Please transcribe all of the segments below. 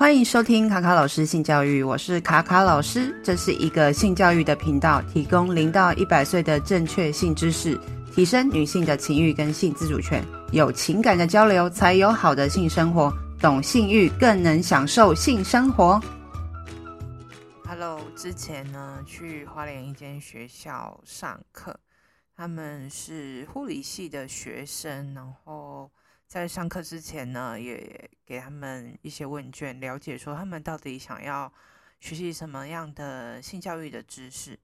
歡迎收聽卡卡老師性教育，我是卡卡老師，這是一個性教育的頻道，提供零到一百歲的正確性知識，提升女性的情欲跟性自主權，有情感的交流才有好的性生活，懂性欲更能享受性生活。Hello，之前呢，去花蓮一間學校上課，他們是護理系的學生，然後……在上課之前呢，也給他們一些問卷，了解說他們到底想要學習什麼樣的性教育的知識。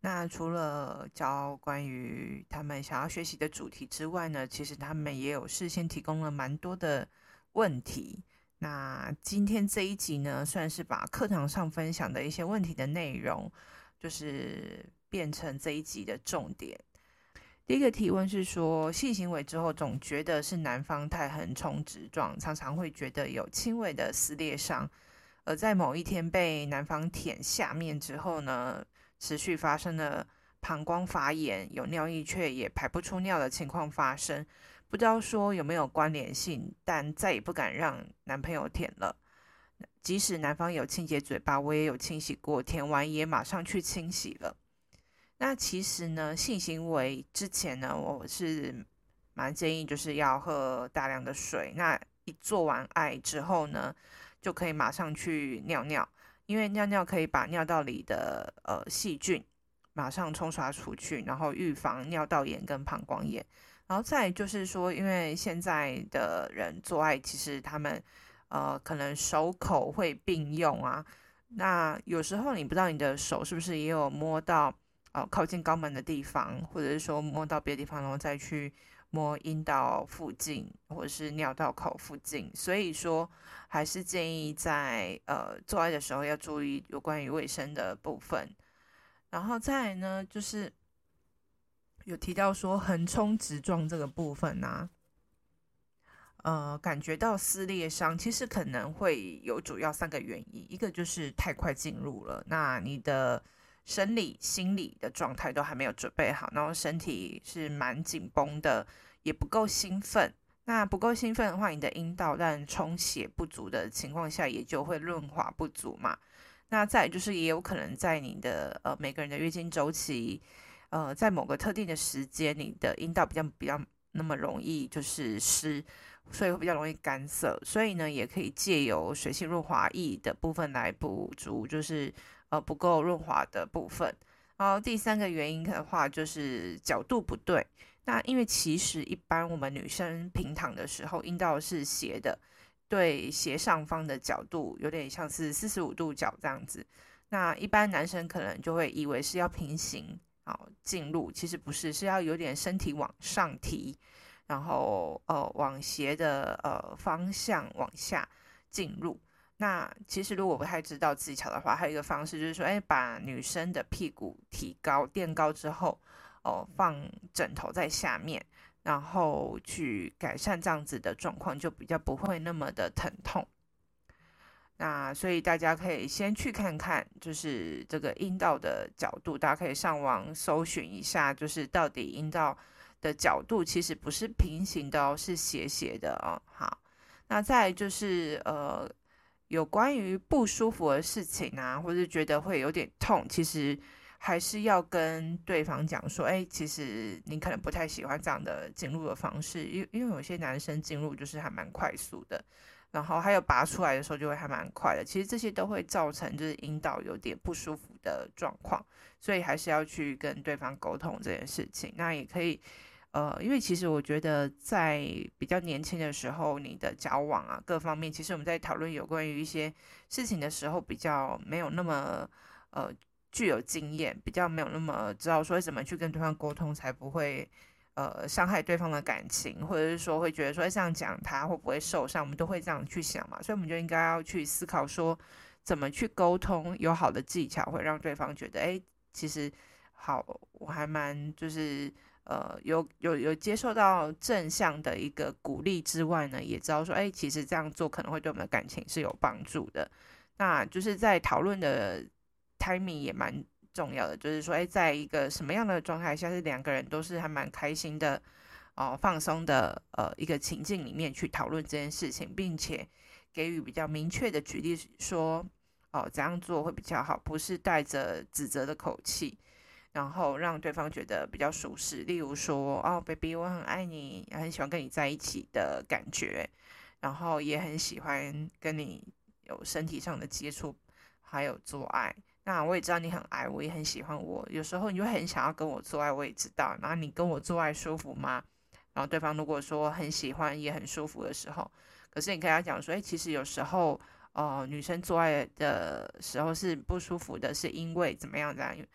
那除了教關於他們想要學習的主題之外呢，其實他們也有事先提供了蠻多的問題。那今天這一集呢，算是把課堂上分享的一些問題的內容，就是變成這一集的重點。第一個提問是說，性行為之後總覺得是男方太橫衝直撞，常常會覺得有輕微的撕裂傷。而在某一天被男方舔下面之後呢，持續發生了膀胱發炎，有尿意卻也排不出尿的情況發生。不知道說有沒有關聯性，但再也不敢讓男朋友舔了。即使男方有清潔嘴巴，我也有清洗過，舔完也馬上去清洗了。那其實呢，性行為之前呢，我是蠻建議就是要喝大量的水。那一做完愛之後呢，就可以馬上去尿尿，因為尿尿可以把尿道裡的呃細菌馬上沖刷出去，然後預防尿道炎跟膀胱炎。然後再就是說，因為現在的人做愛，其實他們呃可能手口會並用啊，那有時候你不知道你的手是不是也有摸到。哦，靠近肛門的地方，或者是說摸到別的地方，然後再去摸陰道附近，或者是尿道口附近。所以說，還是建議在呃做愛的時候要注意有關於衛生的部分。然後再來呢，就是有提到說橫衝直撞這個部分啊。呃，感覺到撕裂傷，其實可能會有主要三個原因，一個就是太快進入了，那你的。生理、心理的狀態都還沒有準備好，然後身體是蠻緊繃的，也不夠興奮。那不夠興奮的話，你的陰道在充血不足的情況下，也就會潤滑不足嘛。那再就是，也有可能在你的呃每個人的月經週期，呃，在某個特定的時間，你的陰道比較比較那麼容易就是濕，所以會比較容易乾澀。所以呢，也可以借由水性潤滑液的部分來補足，就是。呃，不夠潤滑的部分。然後第三個原因的話，就是角度不對。那因為其實一般我們女生平躺的時候，陰道是斜的，對斜上方的角度，有點像是四十五度角這樣子。那一般男生可能就會以為是要平行好、哦、進入，其實不是，是要有點身體往上提，然後呃往斜的呃方向往下進入。那其實如果不太知道技巧的話，還有一個方式就是說，哎，把女生的屁股提高墊高之後，哦，放枕頭在下面，然後去改善這樣子的狀況，就比較不會那麼的疼痛。那所以大家可以先去看看，就是這個陰道的角度，大家可以上網搜尋一下，就是到底陰道的角度其實不是平行的哦，是斜斜的哦。好，那再就是呃。有關於不舒服的事情啊，或是覺得會有點痛，其實還是要跟對方講說，哎、欸，其實你可能不太喜歡這樣的進入的方式，因因為有些男生進入就是還蠻快速的，然後還有拔出來的時候就會還蠻快的，其實這些都會造成就是陰道有點不舒服的狀況，所以還是要去跟對方溝通這件事情，那也可以。呃，因為其實我覺得，在比較年輕的時候，你的交往啊，各方面，其實我們在討論有關於一些事情的時候，比較沒有那麼呃具有經驗，比較沒有那麼知道說怎麼去跟對方溝通才不會呃傷害對方的感情，或者是說會覺得說像講他會不會受傷，我們都會這樣去想嘛，所以我們就應該要去思考說怎麼去溝通，有好的技巧會讓對方覺得，哎、欸，其實好，我還蠻就是。呃，有有有接受到正向的一個鼓勵之外呢，也知道說，哎、欸，其實這樣做可能會對我們的感情是有幫助的。那就是在討論的 timing 也蠻重要的，就是說，哎、欸，在一個什麼樣的狀態下是兩個人都是還蠻開心的，哦、呃，放鬆的，呃，一個情境裡面去討論這件事情，並且給予比較明確的舉例說，哦、呃，怎樣做會比較好，不是帶着指責的口氣。然後讓對方覺得比較舒適，例如說，哦，baby，我很愛你，也很喜歡跟你在一起的感覺，然後也很喜歡跟你有身體上的接觸，還有做愛。那我也知道你很愛我，也很喜歡我。有時候你就很想要跟我做愛，我也知道。然後你跟我做愛舒服嗎？然後對方如果說很喜歡，也很舒服的時候，可是你跟他講說，哎，其實有時候，哦、呃，女生做愛的時候是不舒服的，是因為怎麼樣呢？因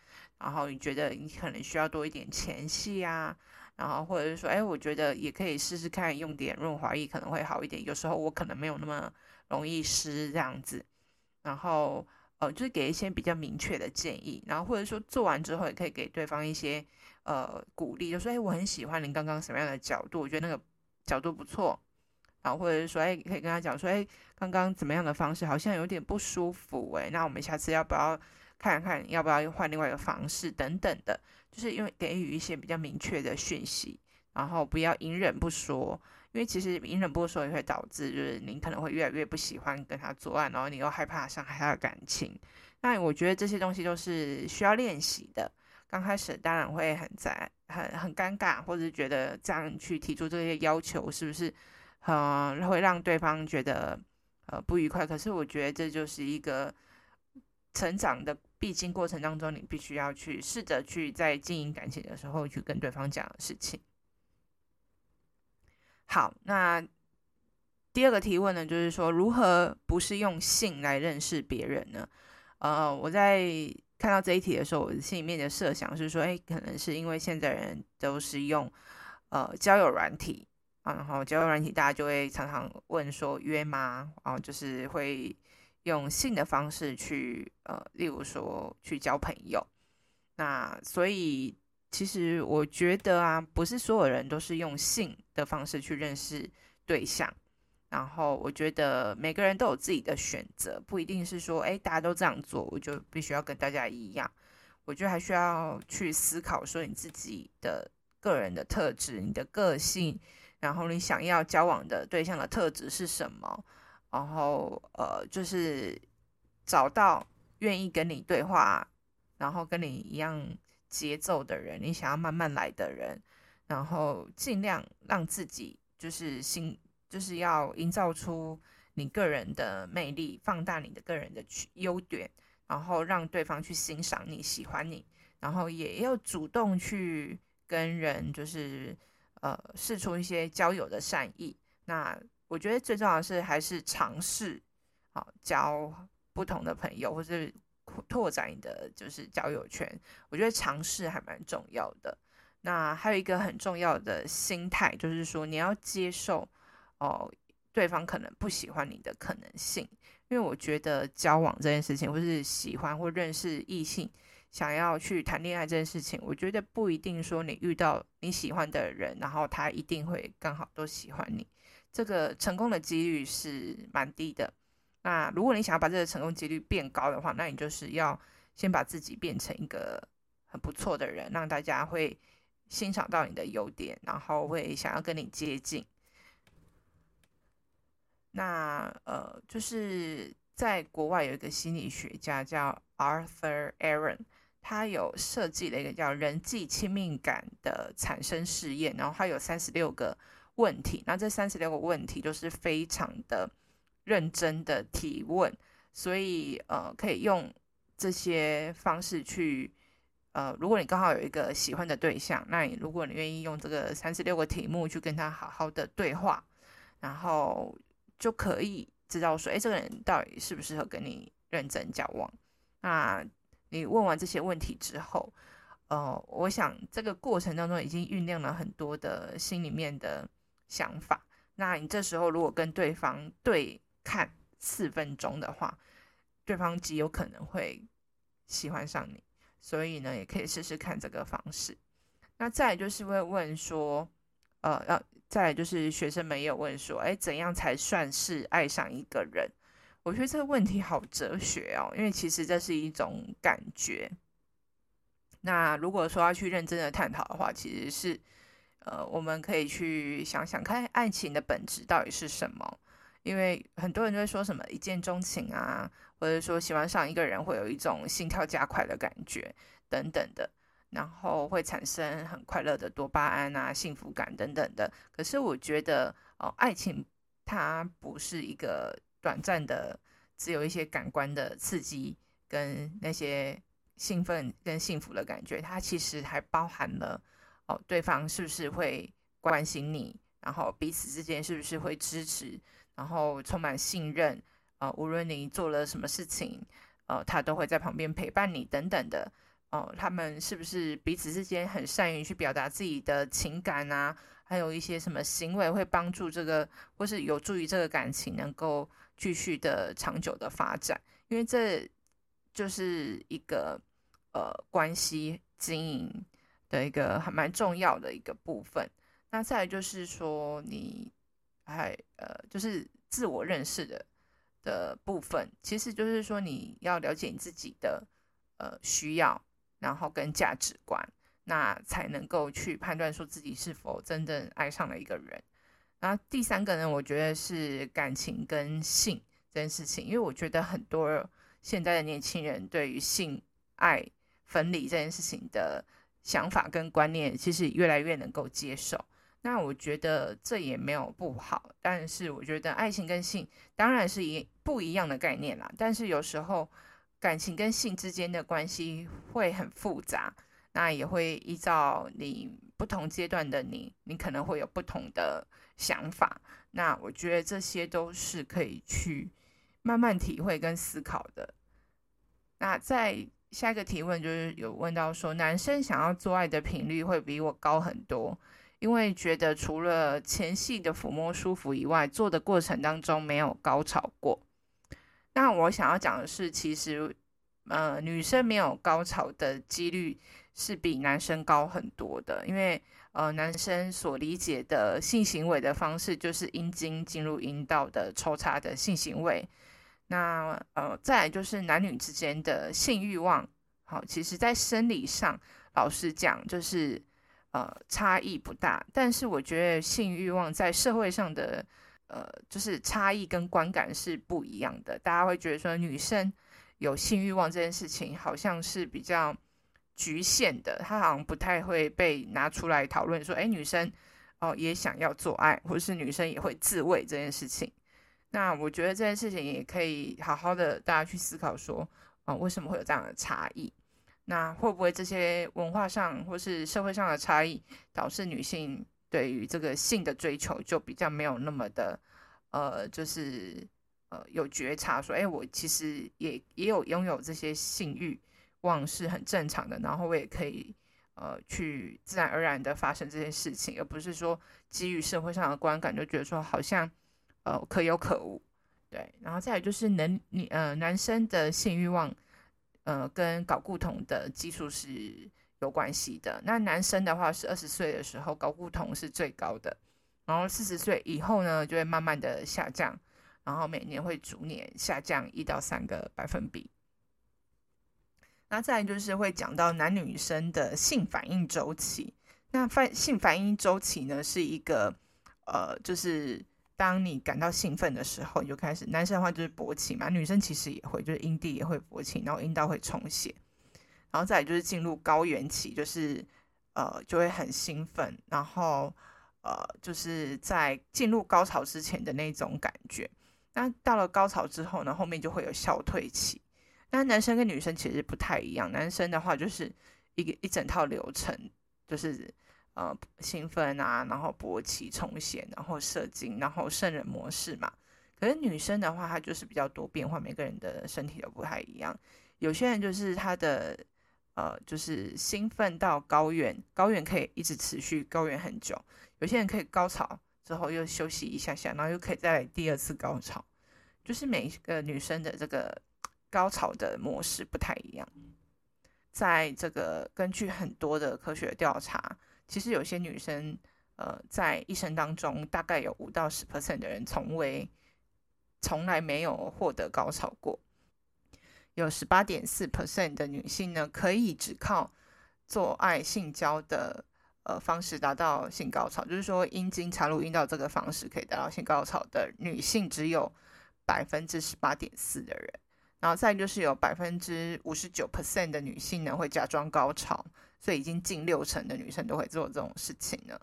然後你覺得你可能需要多一點前戲啊，然後或者是說，哎，我覺得也可以試試看用點潤滑液可能會好一點。有時候我可能沒有那麼容易濕這樣子。然後呃，就是給一些比較明確的建議。然後或者說做完之後也可以給對方一些呃鼓勵，就說，哎，我很喜歡你剛剛什麼樣的角度，我覺得那個角度不錯。然後或者是說，哎，可以跟他講說，哎，剛剛怎麼樣的方式好像有點不舒服、欸，哎，那我們下次要不要？看看要不要換另外一個方式等等的，就是因為給予一些比較明確的訊息，然後不要隱忍不說，因為其實隱忍不說也會導致就是你可能會越來越不喜歡跟他做愛，然後你又害怕傷害他的感情。那我覺得這些東西都是需要練習的，剛開始當然會很尷很很尷尬，或者覺得這樣去提出這些要求是不是，嗯、呃、會讓對方覺得呃不愉快？可是我覺得這就是一個。成長的必經過程當中，你必須要去試着去在經營感情的時候去跟對方講的事情。好，那第二個提問呢，就是說如何不是用性來認識別人呢？呃，我在看到這一題的時候，我心裡面的設想是說，哎，可能是因為現在人都是用呃交友軟體啊，然後交友軟體大家就會常常問說約嗎？然後就是會。用性的方式去呃，例如說去交朋友，那所以其實我覺得啊，不是所有人都是用性的方式去認識對象。然後我覺得每個人都有自己的選擇，不一定是說誒，大家都這樣做，我就必須要跟大家一樣。我覺得還需要去思考說你自己的個人的特質、你的個性，然後你想要交往的對象的特質是什麼。然後，呃，就是找到願意跟你對話，然後跟你一樣節奏的人，你想要慢慢來的人，然後盡量讓自己就是心，就是要營造出你個人的魅力，放大你的個人的優點，然後讓對方去欣賞你、喜歡你，然後也要主動去跟人，就是呃，釋出一些交友的善意，那。我覺得最重要的是還是嘗試，啊、哦，交不同的朋友或是拓展你的就是交友圈。我覺得嘗試還蠻重要的。那還有一個很重要的心態，就是說你要接受哦，對方可能不喜歡你的可能性。因為我覺得交往這件事情，或是喜歡或認識異性，想要去談戀愛這件事情，我覺得不一定說你遇到你喜歡的人，然後他一定會剛好都喜歡你。這個成功的幾率是蠻低的。那如果你想要把這個成功幾率變高的話，那你就是要先把自己變成一個很不錯的人，讓大家會欣賞到你的優點，然後會想要跟你接近。那呃，就是在國外有一個心理學家叫 Arthur Aaron，他有設計了一個叫人際親密感的產生試驗，然後他有三十六個。問題，那這三十六個問題都是非常的認真的提問，所以呃，可以用這些方式去呃，如果你剛好有一個喜歡的對象，那你如果你願意用這個三十六個題目去跟他好好的對話，然後就可以知道說，哎、欸，這個人到底適不適合跟你認真交往。那你問完這些問題之後，呃，我想這個過程當中已經醞釀了很多的心裡面的。想法，那你這時候如果跟對方對看四分鐘的話，對方極有可能會喜歡上你，所以呢，也可以試試看這個方式。那再來就是會問說，呃，啊、再來就是學生們也有問說，哎，怎樣才算是愛上一個人？我覺得這個問題好哲學哦，因為其實這是一種感覺。那如果說要去認真的探討的話，其實是。呃，我們可以去想想看，愛情的本質到底是什麼？因為很多人就會說什麼一見鍾情啊，或者說喜歡上一個人會有一種心跳加快的感覺等等的，然後會產生很快樂的多巴胺啊、幸福感等等的。可是我覺得，哦、呃，愛情它不是一個短暫的，只有一些感官的刺激跟那些興奮跟幸福的感覺，它其實還包含了。哦，對方是不是會關心你？然後彼此之間是不是會支持？然後充滿信任？呃，無論你做了什麼事情，呃，他都會在旁邊陪伴你等等的。哦、呃，他們是不是彼此之間很善於去表達自己的情感啊？還有一些什麼行為會幫助這個，或是有助於這個感情能夠繼續的長久的發展？因為這就是一個呃關係經營。的一個還蠻重要的一個部分，那再來就是說你還呃就是自我認識的的部分，其實就是說你要了解你自己的呃需要，然後跟價值觀，那才能夠去判斷說自己是否真正愛上了一個人。然後第三個呢，我覺得是感情跟性這件事情，因為我覺得很多現在的年輕人對於性愛分離這件事情的。想法跟觀念其實越來越能夠接受，那我覺得這也沒有不好。但是我覺得愛情跟性當然是一不一樣的概念啦。但是有時候感情跟性之間的關係會很複雜，那也會依照你不同階段的你，你可能會有不同的想法。那我覺得這些都是可以去慢慢體會跟思考的。那在。下一個提問就是有問到說，男生想要做愛的頻率會比我高很多，因為覺得除了前戲的撫摸舒服以外，做的過程當中沒有高潮過。那我想要講的是，其實，呃，女生沒有高潮的幾率是比男生高很多的，因為呃，男生所理解的性行為的方式就是陰莖進入陰道的抽插的性行為。那呃，再來就是男女之間的性欲望，好、哦，其實在生理上，老實講就是呃差異不大，但是我覺得性欲望在社會上的呃就是差異跟觀感是不一樣的。大家會覺得說女生有性欲望這件事情，好像是比較局限的，她好像不太會被拿出來討論說，哎、欸，女生哦、呃、也想要做愛，或是女生也會自慰這件事情。那我覺得這件事情也可以好好的大家去思考說，啊、呃，為什麼會有這樣的差異？那會不會這些文化上或是社會上的差異，導致女性對於這個性的追求就比較沒有那麼的，呃，就是呃有覺察說，哎，我其實也也有擁有這些性慾望是很正常的，然後我也可以呃去自然而然的發生這些事情，而不是說基於社會上的觀感就覺得說好像。呃，可有可無，對。然後再有就是能，男呃，男生的性慾望，呃，跟睪固酮的基數是有關係的。那男生的話是二十歲的時候睪固酮是最高的，然後四十歲以後呢，就會慢慢的下降，然後每年會逐年下降一到三個百分比。那再來就是會講到男女生的性反應週期。那反性反應週期呢，是一個呃，就是。當你感到興奮的時候，你就開始。男生的話就是勃起嘛，女生其實也會，就是陰蒂也會勃起，然後陰道會充血，然後再來就是進入高原期，就是呃就會很興奮，然後呃就是在進入高潮之前的那種感覺。那到了高潮之後呢，後面就會有消退期。那男生跟女生其實不太一樣，男生的話就是一個一整套流程，就是。呃，興奮啊，然後勃起充血，然後射精，然後聖人模式嘛。可是女生的話，她就是比較多變化，每個人的身體都不太一樣。有些人就是她的呃，就是興奮到高原，高原可以一直持續高原很久。有些人可以高潮之後又休息一下下，然後又可以再來第二次高潮。就是每一個女生的這個高潮的模式不太一樣。在這個根據很多的科學的調查。其實有些女生，呃，在一生當中大概有五到十 percent 的人從未，從來沒有獲得高潮過。有十八點四 percent 的女性呢，可以只靠做愛性交的呃方式達到性高潮，就是說陰莖插入陰道這個方式可以達到性高潮的女性只有百分之十八點四的人。然後再就是有百分之五十九 percent 的女性呢，會假裝高潮，所以已經近六成的女生都會做這種事情了。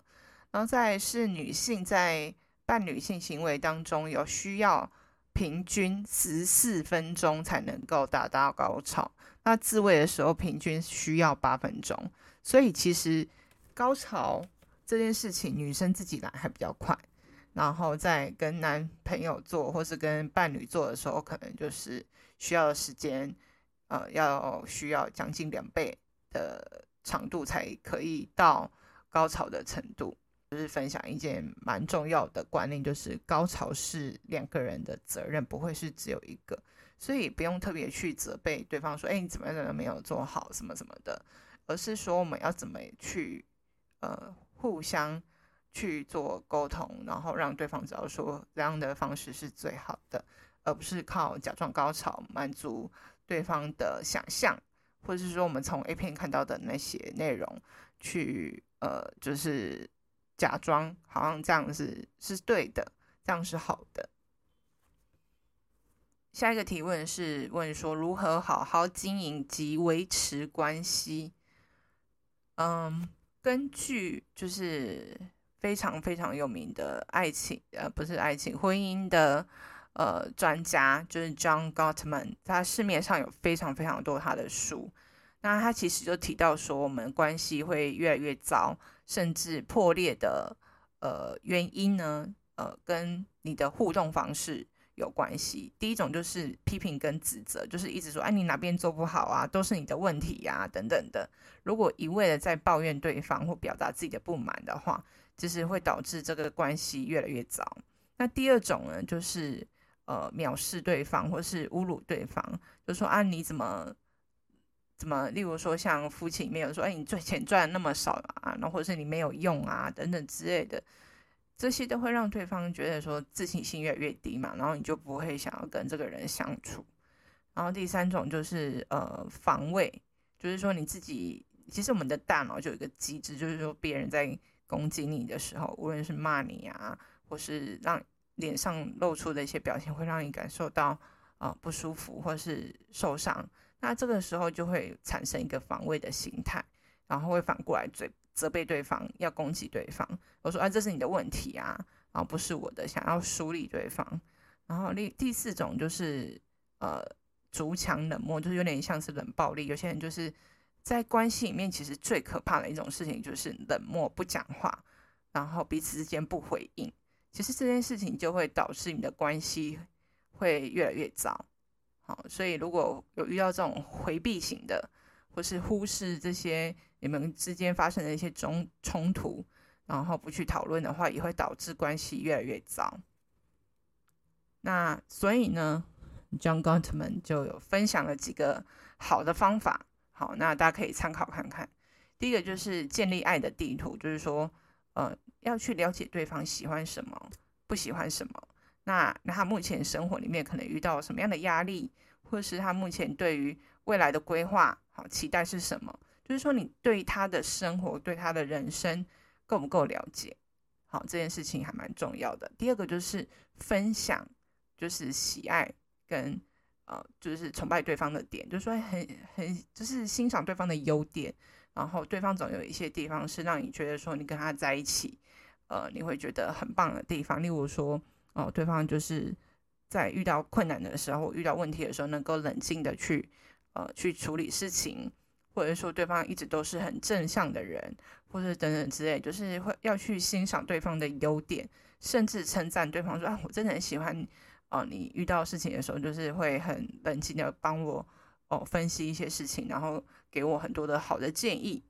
然後再是女性在伴侶性行為當中有需要平均十四分鐘才能夠達到高潮，那自慰的時候平均需要八分鐘，所以其實高潮這件事情女生自己來還比較快。然後在跟男朋友做，或是跟伴侶做的時候，可能就是需要的時間，呃，要需要將近兩倍的長度才可以到高潮的程度。就是分享一件蠻重要的觀念，就是高潮是兩個人的責任，不會是只有一個，所以不用特別去責備對方說，哎，你怎麼樣怎麼沒有做好什麼什麼的，而是說我們要怎麼去，呃，互相。去做溝通，然後讓對方知道說這樣的方式是最好的，而不是靠假裝高潮滿足對方的想象，或者是說我們從 A 片看到的那些內容去，呃，就是假裝好像這樣子是對的，這樣是好的。下一個提問是問說如何好好經營及維持關係？嗯，根據就是，非常非常有名的愛情，呃，不是愛情，婚姻的，呃，專家就是 John Gottman，他市面上有非常非常多他的書。那他其實就提到說，我們關係會越來越糟，甚至破裂的，呃，原因呢，呃，跟你的互動方式有關係。第一種就是批評跟指責，就是一直說，哎、啊，你哪邊做不好啊，都是你的問題呀、啊，等等的。如果一味的在抱怨對方或表達自己的不滿的話，就是會導致這個關係越來越糟。那第二種呢，就是呃，藐視對方或是侮辱對方，就說，啊，你怎麼怎麼，例如說像夫妻沒有說，哎，你賺錢賺那麼少啊，然後或者是你沒有用啊，等等之類的，這些都會讓對方覺得說自信心越來越低嘛，然後你就不會想要跟這個人相處。然後第三種就是呃，防衛，就是說你自己，其實我們的大腦就有一個機制，就是說別人在攻擊你的時候，無論是罵你啊，或是讓臉上露出的一些表情，會讓你感受到啊、呃、不舒服或是受傷。那這個時候就會產生一個防衛的心態，然後會反過來責責備對方，要攻擊對方。我說啊，這是你的問題啊，然後不是我的，想要疏離對方。然後第第四種就是呃，築牆冷漠，就是有點像是冷暴力。有些人就是。在關係裡面，其實最可怕的一種事情，就是冷漠，不講話，然後彼此之間不回應。其實這件事情，就會導致你的關係會越來越糟。好，所以如果有遇到這種回避型的，或是忽視這些你們之間發生的一些衝衝突，然後不去討論的話，也會導致關係越來越糟。那所以呢，John Gottman 就有分享了幾個好的方法。好，那大家可以參考看看。第一個就是建立愛的地圖，就是說，呃，要去了解對方喜歡什麼，不喜歡什麼。那那他目前生活裡面可能遇到什麼樣的壓力，或是他目前對於未來的規劃，好，期待是什麼？就是說，你對他的生活，對他的人生夠不夠了解？好，這件事情還蠻重要的。第二個就是分享，就是喜愛跟。呃，就是崇拜對方的點，就是說很、很就是欣賞對方的優點，然後對方總有一些地方是讓你覺得說你跟他在一起，呃，你會覺得很棒的地方。例如說，哦、呃，對方就是在遇到困難的時候、遇到問題的時候，能夠冷靜的去呃去處理事情，或者說對方一直都是很正向的人，或者等等之類，就是會要去欣賞對方的優點，甚至稱讚對方說啊，我真的很喜歡。哦，你遇到事情的時候，就是會很冷靜的幫我哦分析一些事情，然後給我很多的好的建議，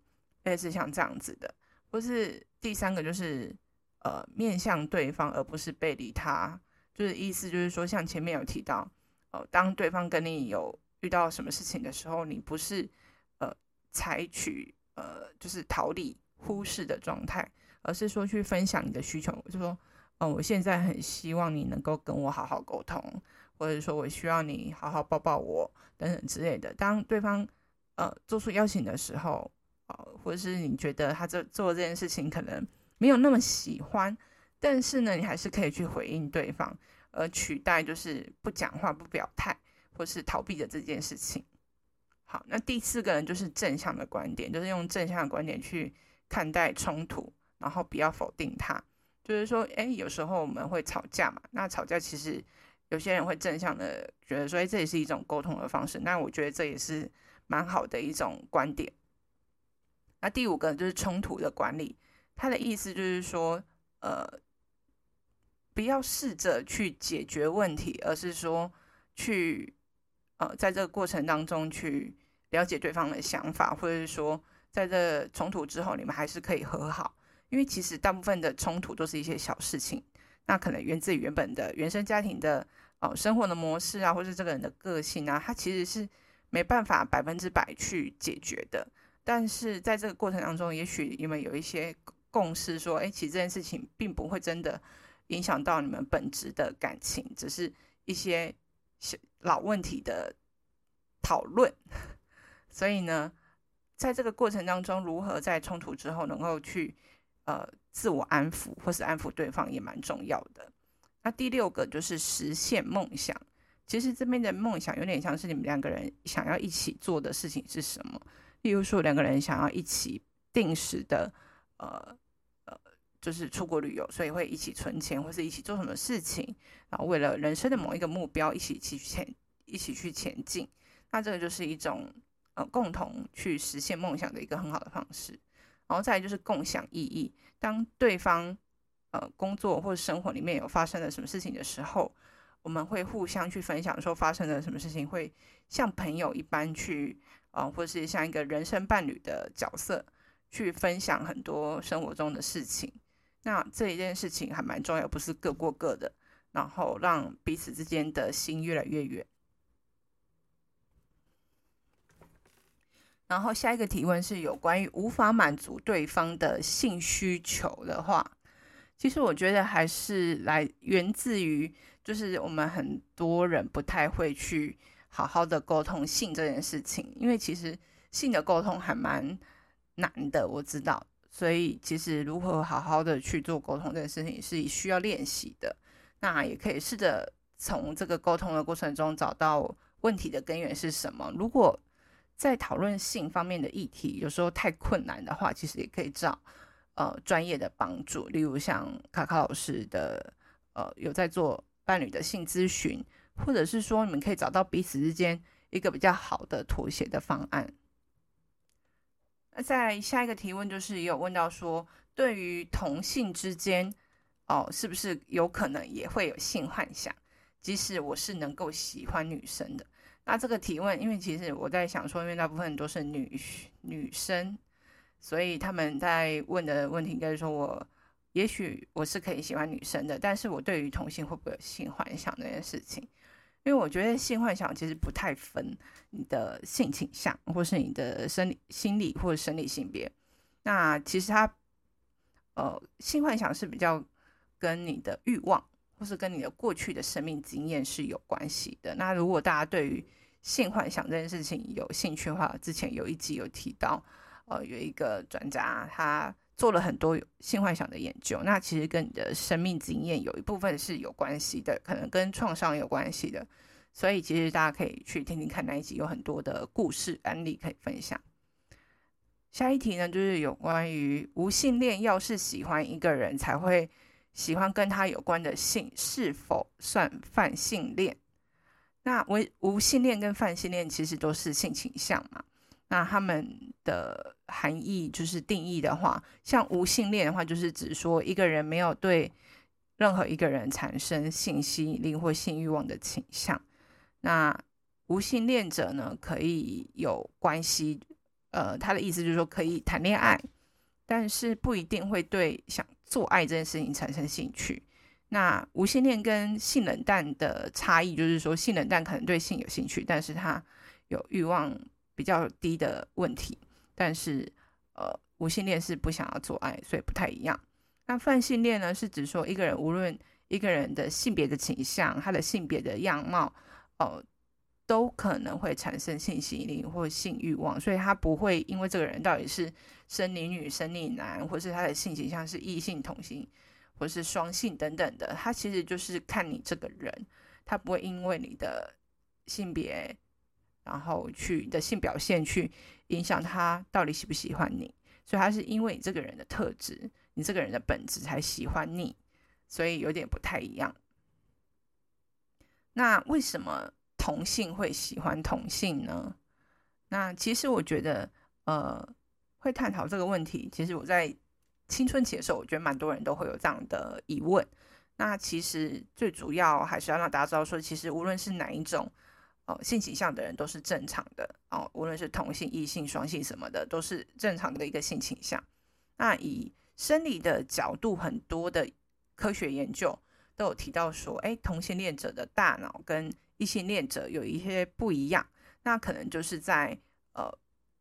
類似像這樣子的。或是第三個就是，呃，面向對方，而不是背離他。就是意思就是說，像前面有提到，哦，當對方跟你有遇到什麼事情的時候，你不是呃採取呃就是逃離、忽視的狀態，而是說去分享你的需求，就是說。哦，我現在很希望你能夠跟我好好溝通，或者說我需要你好好抱抱我等等之類的。當對方呃做出邀請的時候，呃、或者是你覺得他這做做這件事情可能沒有那麼喜歡，但是呢，你還是可以去回應對方，而取代就是不講話、不表態或是逃避的這件事情。好，那第四個人就是正向的觀點，就是用正向的觀點去看待衝突，然後不要否定它。就是說，哎，欸，有時候我們會吵架嘛。那吵架其實有些人會正向的覺得說，以、欸，這也是一種溝通的方式。那我覺得這也是蠻好的一種觀點。那第五個就是衝突的管理，他的意思就是說，呃，不要試着去解決問題，而是說去呃，在這個過程當中去了解對方的想法，或者是說，在這衝突之後，你們還是可以和好。因為其實大部分的衝突都是一些小事情，那可能源自於原本的原生家庭的哦生活的模式啊，或是這個人的個性啊，他其實是沒辦法百分之百去解決的。但是在這個過程當中，也許你們有一些共識，說，哎，其實這件事情並不會真的影響到你們本質的感情，只是一些小老問題的討論。所以呢，在這個過程當中，如何在衝突之後能夠去。呃，自我安撫或是安撫對方也蠻重要的。那第六個就是實現夢想。其實這邊的夢想有點像是你們兩個人想要一起做的事情是什麼？例如說，兩個人想要一起定時的，呃呃，就是出國旅遊，所以會一起存錢或是一起做什麼事情。然後為了人生的某一個目標，一起去前，一起去前進。那這個就是一種呃，共同去實現夢想的一個很好的方式。然後再就是共享意義。當對方呃工作或者生活裡面有發生了什麼事情的時候，我們會互相去分享，說，發生了什麼事情，會像朋友一般去啊、呃，或者是像一個人生伴侶的角色去分享很多生活中的事情。那這一件事情還蠻重要，不是各過各的，然後讓彼此之間的心越來越遠。然後下一個提問是有關於無法滿足對方的性需求的話，其實我覺得還是來源自於，就是我們很多人不太會去好好的溝通性這件事情，因為其實性的溝通還蠻難的，我知道，所以其實如何好好的去做溝通這件事情是需要練習的。那也可以試着從這個溝通的過程中找到問題的根源是什麼，如果。在討論性方面的議題，有時候太困難的話，其實也可以找呃專業的幫助，例如像卡卡老師的呃有在做伴侶的性諮詢，或者是說你們可以找到彼此之間一個比較好的妥協的方案。那在下一個提問就是也有問到說，對於同性之間哦、呃，是不是有可能也會有性幻想，即使我是能夠喜歡女生的。那這個提問，因為其實我在想說，因為大部分都是女女生，所以他們在問的問題應該是說我，我也許我是可以喜歡女生的，但是我對於同性會不會有性幻想這件事情？因為我覺得性幻想其實不太分你的性傾向，或是你的生理、心理或者生理性別。那其實它，呃，性幻想是比較跟你的慾望。或是跟你的過去的生命經驗是有關係的。那如果大家對於性幻想這件事情有興趣的話，之前有一集有提到，呃，有一個專家他做了很多性幻想的研究，那其實跟你的生命經驗有一部分是有關係的，可能跟創傷有關係的。所以其實大家可以去聽聽看那一集，有很多的故事案例可以分享。下一題呢，就是有關於無性戀，要是喜歡一個人才會。喜歡跟他有關的性，是否算泛性戀？那為，無性戀跟泛性戀其實都是性傾向嘛？那他們的含義就是定義的話，像無性戀的話，就是指說一個人沒有對任何一個人產生性吸引力或性欲望的傾向。那無性戀者呢，可以有關係，呃，他的意思就是說可以談戀愛，但是不一定會對想。做愛這件事情產生興趣，那無性戀跟性冷淡的差異就是說，性冷淡可能對性有興趣，但是他有慾望比較低的問題，但是呃，無性戀是不想要做愛，所以不太一樣。那泛性戀呢，是指說一個人無論一個人的性別的傾向，他的性別的樣貌，哦、呃，都可能會產生性吸引力或性慾望，所以他不會因為這個人到底是，生理女、生理男，或是他的性取向是異性同性，或是雙性等等的，他其實就是看你這個人，他不會因為你的性別，然後去的性表現去影響他到底喜不喜歡你，所以他是因為你這個人的特質，你這個人的本質才喜歡你，所以有點不太一樣。那為什麼同性會喜歡同性呢？那其實我覺得，呃。會探討這個問題。其實我在青春期的時候，我覺得蠻多人都會有這樣的疑問。那其實最主要還是要讓大家知道說，說其實無論是哪一種呃性傾向的人都是正常的哦、呃，無論是同性、異性、雙性什麼的，都是正常的一個性傾向。那以生理的角度，很多的科學研究都有提到說，誒，同性戀者的大腦跟異性戀者有一些不一樣。那可能就是在呃。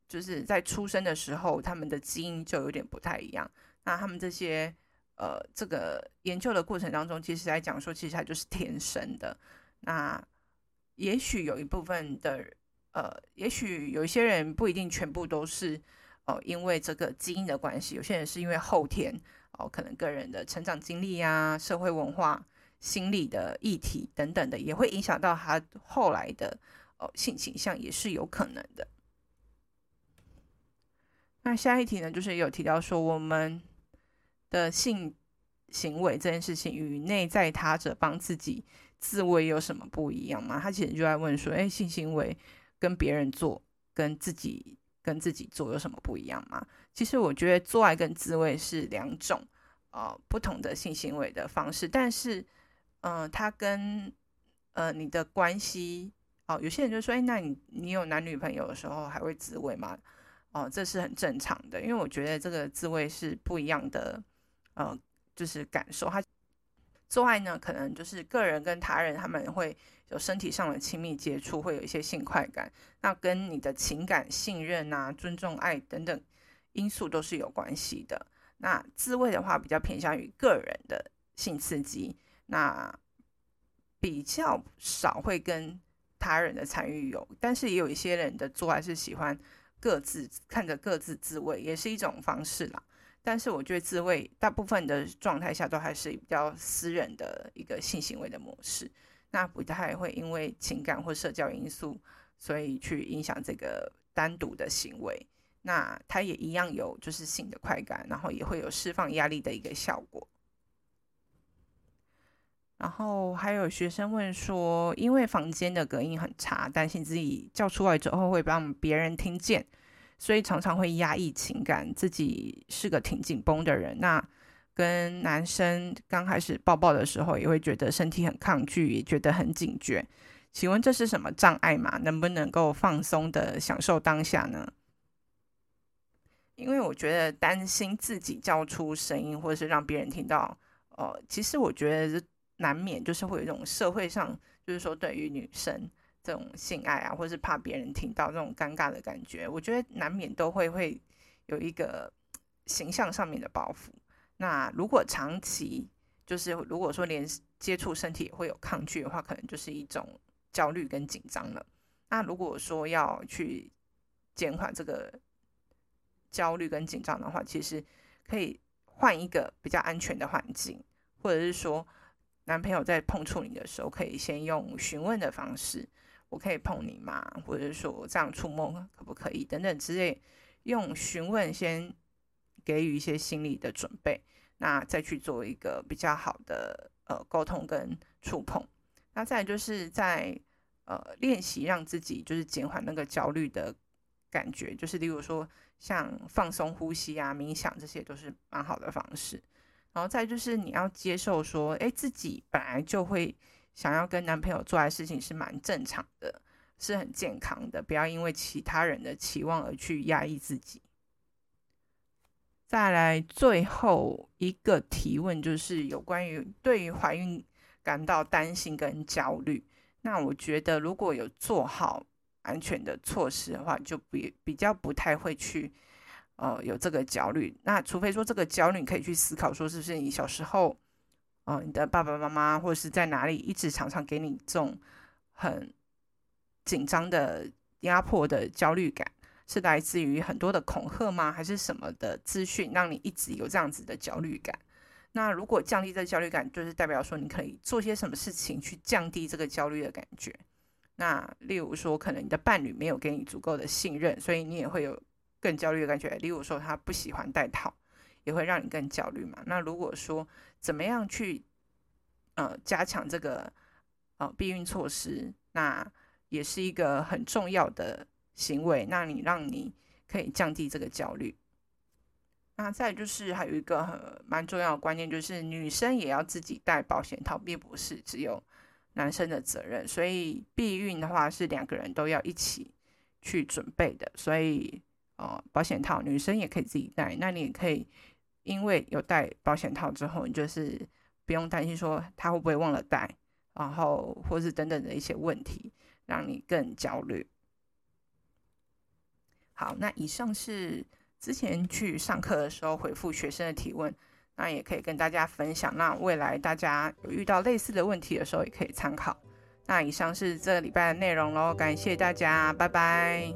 就是在出生的時候，他們的基因就有點不太一樣。那他們這些呃，這個研究的過程當中，其實在講說，其實它就是天生的。那也許有一部分的呃，也許有一些人不一定全部都是哦、呃，因為這個基因的關係，有些人是因為後天哦、呃，可能個人的成長經歷呀、啊、社會文化、心理的議題等等的，也會影響到他後來的哦、呃、性傾向，也是有可能的。那下一題呢，就是有提到說，我們的性行為這件事情與內在他者幫自己自慰有什麼不一樣嗎？他其實就在問說，哎、欸，性行為跟別人做，跟自己跟自己做有什麼不一樣嗎？其實我覺得做愛跟自慰是兩種哦、呃、不同的性行為的方式，但是嗯、呃，它跟呃你的關係哦、呃，有些人就說，哎、欸，那你你有男女朋友的時候還會自慰嗎？哦，這是很正常的，因為我覺得這個自慰是不一樣的，呃，就是感受。他做愛呢，可能就是個人跟他人他們會有身體上的親密接觸，會有一些性快感。那跟你的情感、信任啊、尊重、愛等等因素都是有關係的。那自慰的話，比較偏向於個人的性刺激，那比較少會跟他人的參與有，但是也有一些人的做愛是喜歡。各自看着各自自慰也是一種方式啦，但是我覺得自慰大部分的狀態下都還是比較私人的一個性行為的模式，那不太會因為情感或社交因素，所以去影響這個單獨的行為。那它也一樣有就是性的快感，然後也會有釋放壓力的一個效果。然後還有學生問說，因為房間的隔音很差，擔心自己叫出來之後會讓別人聽見，所以常常會壓抑情感，自己是個挺緊繃的人。那跟男生剛開始抱抱的時候，也會覺得身體很抗拒，也覺得很警覺。請問這是什麼障礙嗎？能不能夠放鬆的享受當下呢？因為我覺得擔心自己叫出聲音，或是讓別人聽到，呃，其實我覺得。難免就是會有一種社會上，就是說對於女生這種性愛啊，或者是怕別人聽到這種尷尬的感覺，我覺得難免都會會有一個形象上面的包袱。那如果長期，就是如果說連接觸身體也會有抗拒的話，可能就是一種焦慮跟緊張了。那如果說要去減緩這個焦慮跟緊張的話，其實可以換一個比較安全的環境，或者是說。男朋友在碰觸你的時候，可以先用詢問的方式，我可以碰你嗎？或者說這樣觸摸可不可以？等等之類，用詢問先給予一些心理的準備，那再去做一個比較好的呃溝通跟觸碰。那再就是在呃練習讓自己就是減緩那個焦慮的感覺，就是例如說像放鬆呼吸啊、冥想這些，都是蠻好的方式。然後再就是你要接受說，哎，自己本來就會想要跟男朋友做的事情是蠻正常的，是很健康的，不要因為其他人的期望而去壓抑自己。再來最後一個提問就是有關於對於懷孕感到擔心跟焦慮，那我覺得如果有做好安全的措施的話，就比比較不太會去。呃、哦，有這個焦慮，那除非說這個焦慮，你可以去思考說，是不是你小時候，呃、哦，你的爸爸媽媽或者是在哪裡，一直常常給你這種很緊張的壓迫的焦慮感，是來自於很多的恐嚇嗎？還是什麼的資訊讓你一直有這樣子的焦慮感？那如果降低這焦慮感，就是代表說你可以做些什麼事情去降低這個焦慮的感覺。那例如說，可能你的伴侶沒有給你足夠的信任，所以你也會有。更焦慮的感覺，例如說他不喜歡戴套，也會讓你更焦慮嘛。那如果說怎麼樣去呃加強這個呃避孕措施，那也是一個很重要的行為。那你讓你可以降低這個焦慮。那再就是還有一個很蠻重要的觀念，就是女生也要自己帶保險套，並不是只有男生的責任。所以避孕的話是兩個人都要一起去準備的。所以哦，保險套，女生也可以自己戴。那你也可以，因為有戴保險套之後，你就是不用擔心說他會不會忘了戴，然後或是等等的一些問題，讓你更焦慮。好，那以上是之前去上課的時候回復學生的提問，那也可以跟大家分享，那未來大家有遇到類似的問題的時候也可以參考。那以上是這個禮拜的內容嘍，感謝大家，拜拜。